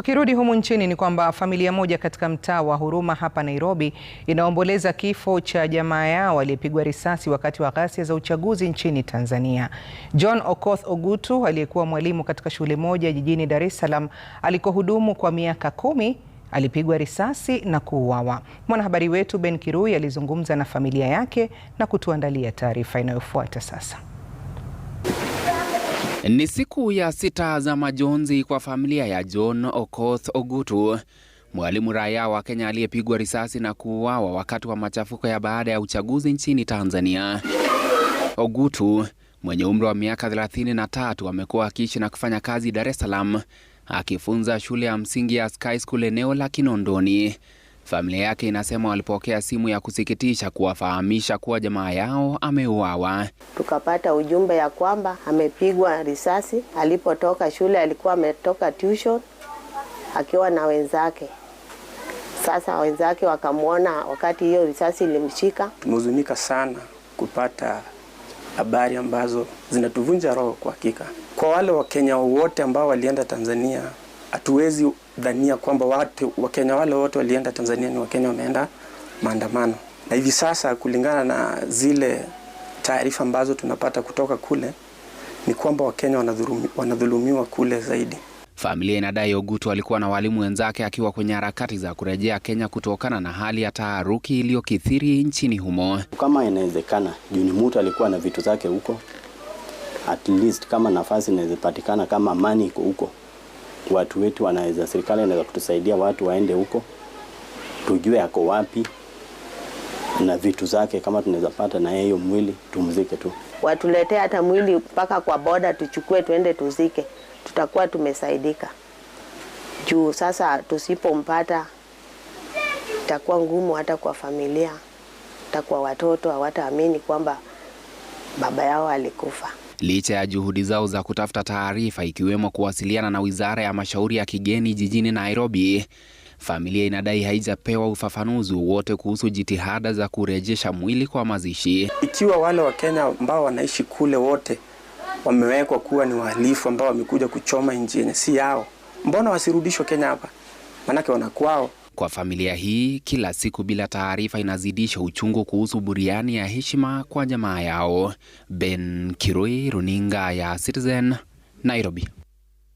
Tukirudi humu nchini ni kwamba familia moja katika mtaa wa Huruma hapa Nairobi inaomboleza kifo cha jamaa yao aliyepigwa risasi wakati wa ghasia za uchaguzi nchini Tanzania. John Okoth Ogutu aliyekuwa mwalimu katika shule moja jijini Dar es Salaam alikohudumu kwa miaka kumi alipigwa risasi na kuuawa. Mwanahabari wetu Ben Kirui alizungumza na familia yake na kutuandalia taarifa inayofuata sasa. Ni siku ya sita za majonzi kwa familia ya John Okoth Ogutu, mwalimu raia wa Kenya aliyepigwa risasi na kuuawa wakati wa machafuko ya baada ya uchaguzi nchini Tanzania. Ogutu mwenye umri wa miaka 33 amekuwa akiishi na kufanya kazi Dar es Salaam, akifunza shule ya msingi ya Sky School eneo la Kinondoni. Familia yake inasema walipokea simu ya kusikitisha kuwafahamisha kuwa jamaa yao ameuawa. Tukapata ujumbe ya kwamba amepigwa risasi alipotoka shule, alikuwa ametoka tuition akiwa na wenzake. Sasa wenzake wakamwona wakati hiyo risasi ilimshika. Tumehuzunika sana kupata habari ambazo zinatuvunja roho kwa hakika. Kwa wale Wakenya wote ambao walienda Tanzania hatuwezi dhania kwamba watu Wakenya wale wote walienda Tanzania ni Wakenya wameenda maandamano. Na hivi sasa kulingana na zile taarifa ambazo tunapata kutoka kule ni kwamba Wakenya wanadhulumiwa, wanadhulumiwa kule zaidi. Familia inadai Ogutu alikuwa na walimu wenzake akiwa kwenye harakati za kurejea Kenya kutokana na hali ya taharuki iliyokithiri nchini humo. Kama inawezekana, juu ni mtu alikuwa na vitu zake huko, at least kama nafasi inawezepatikana, kama amani iko huko watu wetu wanaweza, serikali inaweza kutusaidia watu waende huko tujue ako wapi na vitu zake, kama tunaweza pata na yeye mwili tumzike tu, watuletee hata mwili mpaka kwa boda tuchukue tuende tuzike, tutakuwa tumesaidika. Juu sasa tusipompata itakuwa ngumu hata kwa familia, hata kwa watoto, hawataamini kwamba baba yao alikufa licha ya juhudi zao za kutafuta taarifa ikiwemo kuwasiliana na Wizara ya Mashauri ya Kigeni jijini Nairobi. Familia inadai haijapewa ufafanuzi wowote kuhusu jitihada za kurejesha mwili kwa mazishi. Ikiwa wale Wakenya ambao wanaishi kule wote wamewekwa kuwa ni wahalifu ambao wamekuja kuchoma nchi yenye si yao, mbona wasirudishwe Kenya hapa? Maanake wanakwao kwa familia hii, kila siku bila taarifa inazidisha uchungu kuhusu buriani ya heshima kwa jamaa yao. Ben Kirui, runinga ya Citizen, Nairobi.